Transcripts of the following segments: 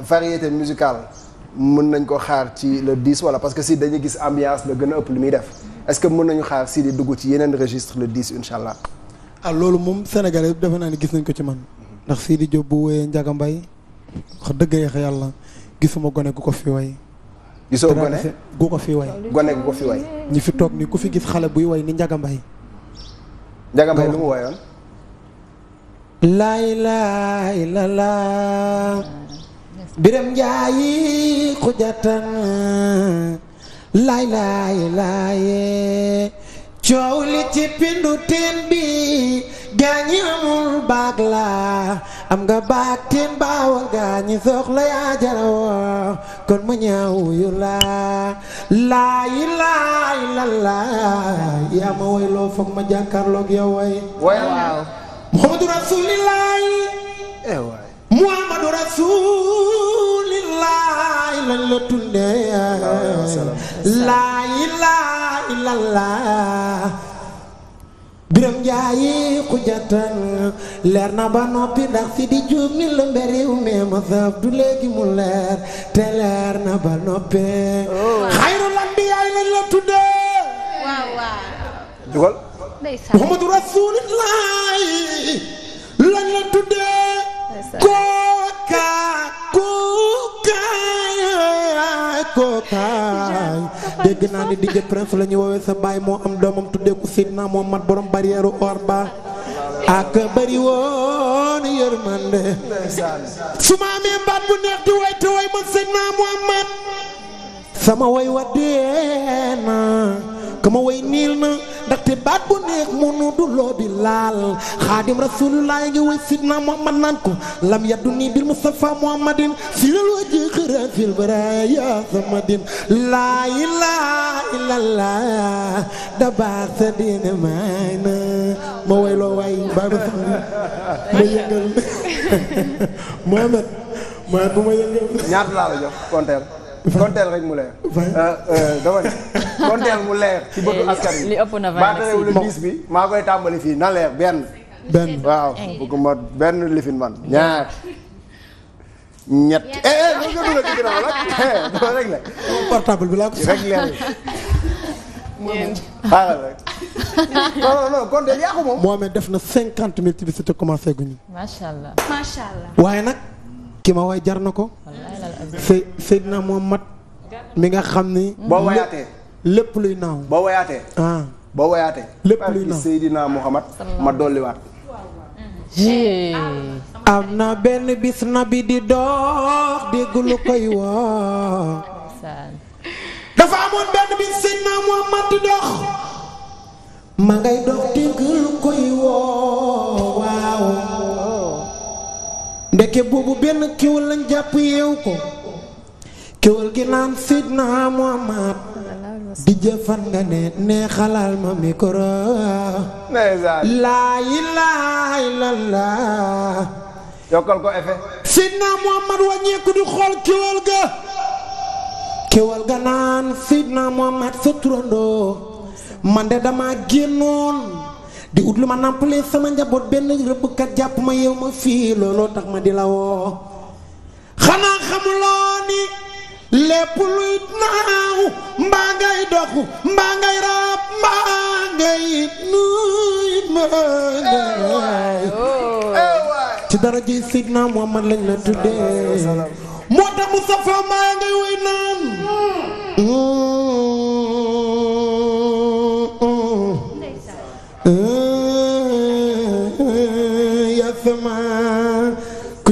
variété musicale mën nañ ko xaar ci le 10 wala parce que si dañu gis ambiance la gën a ëpp lu muy def est que mën nañu xaar si di dugg ci yeneen registre le 10 incha allah. ah loolu moom Sénégal yëpp defe naa ni gis nañ ko ci man ndax di Diop bu wooyee Ndiaga Mbaye wax dëgg yàlla gisuma gone gu ko fi way gisoo gone gu ko fi way gone gu ko fi way ñi fi toog ni ku fi gis xale buy way ni Ndiaga Mbaye Ndiaga Mbaye lu mu wayoon laay laay la laa biram njaayi xujatan laay laay laaye coow li ci pindu teen bi gaañi amul baag la am nga baag teen baawa gaañi soxla yaa jarawoo kon mu ñaaw yu la laayi laay laay yaa ma woy loo foog ma jàkkaarloog yow woy waaw muhammadu rasuulillaahi eh, muhammadu rasuul lañ la tuddee laa biram njaayi xujatan leer na ba noppi ndax di juub ni la ma saaf du mu leer te leer ba noppee xayrul ambiyaay lañ la tuddee waaw Muhammadu Rasulillah dégg naa ni DJ Prince la ñu woowee sa baay moo am doomam tuddee ko Sidna moo mat borom barrière or ba ak bëri woon yërmande su ma amee mbaat bu neex di way te way man Sidna Muhammad sama way wa dee na kama way niil na ndaxte baat bu neex mënu du loo bi laal xaadim rasulullah ngi woy sidna muhammad naan ko lam yaddu nii bil mustafa muhammadin silal waji xëra fil baraya samadin laa ilaaha illallah da baax sa diine may na ma woy loo waay baay ma sax ma yëngal Mohamed Mohamed bu ma yëngal ñaata laa la jox compteur konteel rek mu leer. konteel euh, euh, mu leer. ci bëtu eh, askan wi li ëpp na le 10 bi maa koy tàmbali fii na leer benn. benn waaw bëgguma benn lifin eh, eh, def na cinquante mille publicité commencé guñu. macha allah macha waaye nag. ki ma way jar na ko. Seydina Muhammad mi nga xam ni. boo wayaatee lépp luy naaw. boo wayaatee. Ah. lépp luy naaw am na benn bis na bi di dox dégg lu koy woo. dafa amoon benn bis Seydina Muhammad di dox. ma ngay dox dégg lu koy woo. ndeke boobu benn kéwal lañ jàpp yeew ko kéwal gi naan Seydina Muhammad di jëfan nga ne xalaal ma micro laa ilaaha illallah yokkal ko effet Seydina Muhammad wàññeeku di xool kéwal ga kéwal ga naan Seydina Muhammad sa turandoo man de dama génnoon di ut lu ma nàmpalee sama njaboot benn rëbbkat jàpp ma yeew ma fii looloo tax ma di la woo xanaa xamuloo ni lépp luy naaw mbaa ngay dox mbaa ngay raab mbaa ngay nuy mbaa ngay eh eh eh ci dara ji Seydina Muhammad lañ la tuddee moo tax Mustafa maa ngay woy naan hmm. Hmm.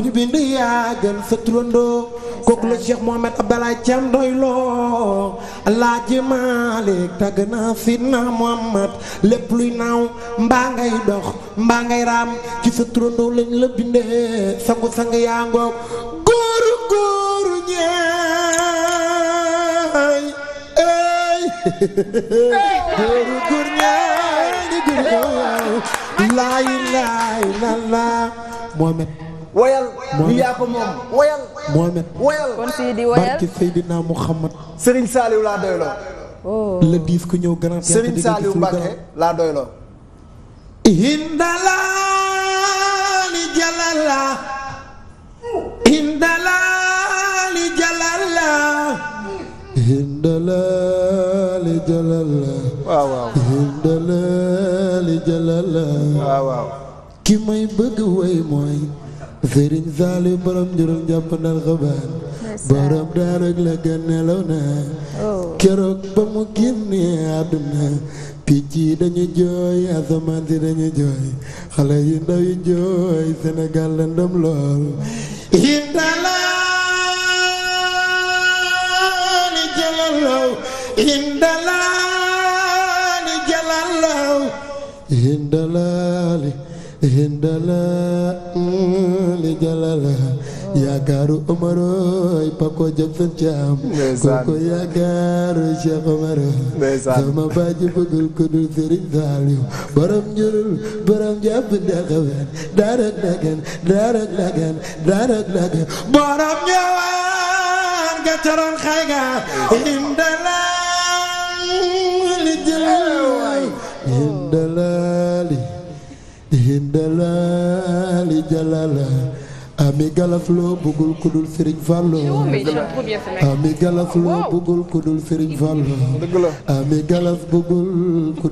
ñu bind yaa gën sa turandoo kooku la Cheikh Mohamed Abdallah Thiam doyloo Alaaji Maalik tagg na Sidna Muhammad lépp luy naaw mbaa ngay dox mbaa ngay raam ci sa turandoo lañ la bindee sangu sang yaa ngoog góor góor ñaay ey laay laay la la Mohamed woyal bi yaa ko moom woyal Mohamed woyal kon fii di laa doyloo oh. le disque ku ñëw grand Serigne Saliou Mbacké laa doyloo ki may bëgg way mooy sëriñ saali borom njurul njàpp ndal xabaar borom daarak la nelaw na oh. keroog ba mu génnee àdduna picc yi dañu jooy asamaan si dañu jooy xale yi ndaw jooy Sénégal la ndam lool indalaani jalalaw indalaani jalalaw indalaali hindala mm, li jalala yaakaaru Umaroy pako jëm fan caam kooku yaakaaru Cheikh Omar sama baaji bëggul ko dul Sëriñ Saaliw borom njurul borom jàpp ndaxaween daarak nagan daarak nagan daarak nagan borom ñëwaan ga taroon xay ga hindala mm, li jalala ذي الدلال جلاله Ami ah, Gallas Lo bëggul ku dul Serigne Fallou. Ami Gallas Lo bëggul ku dul Serigne Fallou. Ami ah, Gallas bëggul ku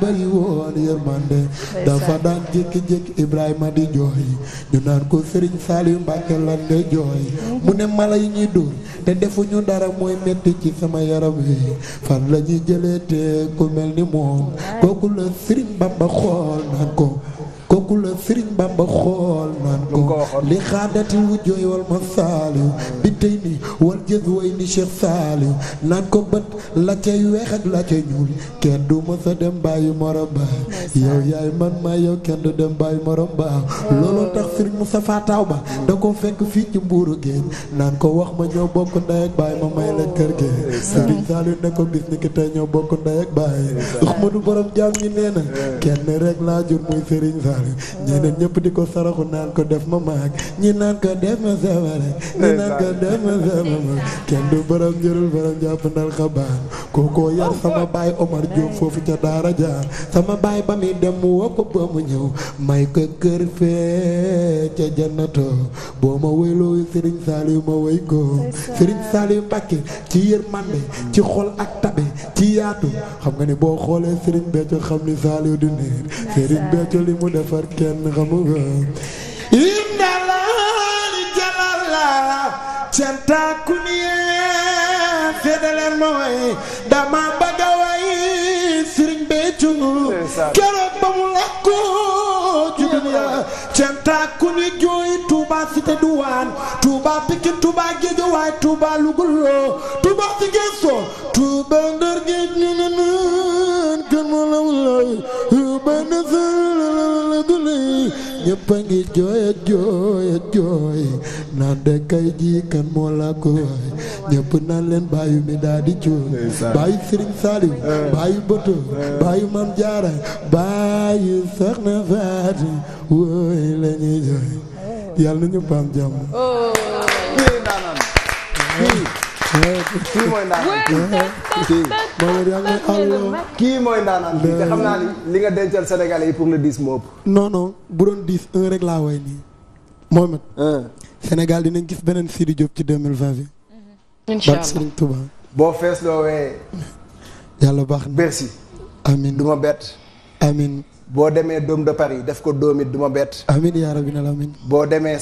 bari woon yërmande dafa daan jékki-jékki Ibrahima di jooy ñu naan ko Serigne Saliou Mbacke lan de jooy mu ne mala yi ñuy dóor te defuñu dara mooy metti ci sama yaram wi fan la ñuy jëlee te mel ni moom kooku la Serigne Bamba xool naan ko kooku la. na Sëriñ Bamba xool naan ko li xaadati wujjooy wal ma saaliw bi tey ni wal jës way ni Cheikh saaliw naan ko bët la weex ak la cay kenn du ma sa dem bàyyi morom ba yow yaay man maa yow kenn du dem bàyyi morom ba looloo tax Sëriñ Moussa Fataaw ba da fekk fii ci mbuuru géen naan ko wax ma ñoo bokk ndey ak baay ma may la kër gi Sëriñ Saaliw ne ko ni ki tey ñoo bokk ndey ak baay Ahmadu borom jaam ñi nee na kenn rek laa jur muy ñeneen ñëpp di ko saraxu naan ko def ma maag ñi naan ko def ma sama rek ñi naan ko def ma sama maag kenn du borom njërul borom jàpp ndal xabaan kookoo yar sama baay Omar Diop foofu ca daara jaar sama baay ba muy dem mu woo ko ba mu ñëw may ko kër fee ca jannato boo ma woyloo sëriñ Saliou ma woy ko sëriñ Saliou Mbacké ci yërmande ci xol ak tabe ci yaatu xam nga ni boo xoolee sëriñ Béthio xam ni Saliou du néer sëriñ Béthio li mu defar kenn kenn xamu ko indalaani jamal la cantaku niye fedaleen ma way dama bëgga way sëriñ Béthio keroog ba mu lakko ci duniya cantaku ni jooy Touba Cité Douane Touba Pikine Touba Guédiawaye Touba Louga Touba ci gesso Touba Ndar géej ñu ne naan kenn ma lawul lay ñëpp a ngi jooyat jooyat jooy naan de kay ji moo la ko waay naan leen bàyyu mi daal di cooy bàyyu Sëriñ Saliou eh. bàyyu Boto eh. bàyyu Mam Jaara bàyyu Soxna Faati wooy la jooy yàlla na ñëpp am jàmm oh. kii mooy ndaanaan kii li nga dencal Sénégalais yi pour le 10 moo non non bu doon 10 un rek laa way nii Mohamed Sénégal dinañ gis beneen Sidy Diop ci 2020 bi incha allah boo fees loo wee yàlla baax na merci amin du bett amin boo demee doom de Paris def ko dóom it du ma bett amin yaa rabbi na amin boo demee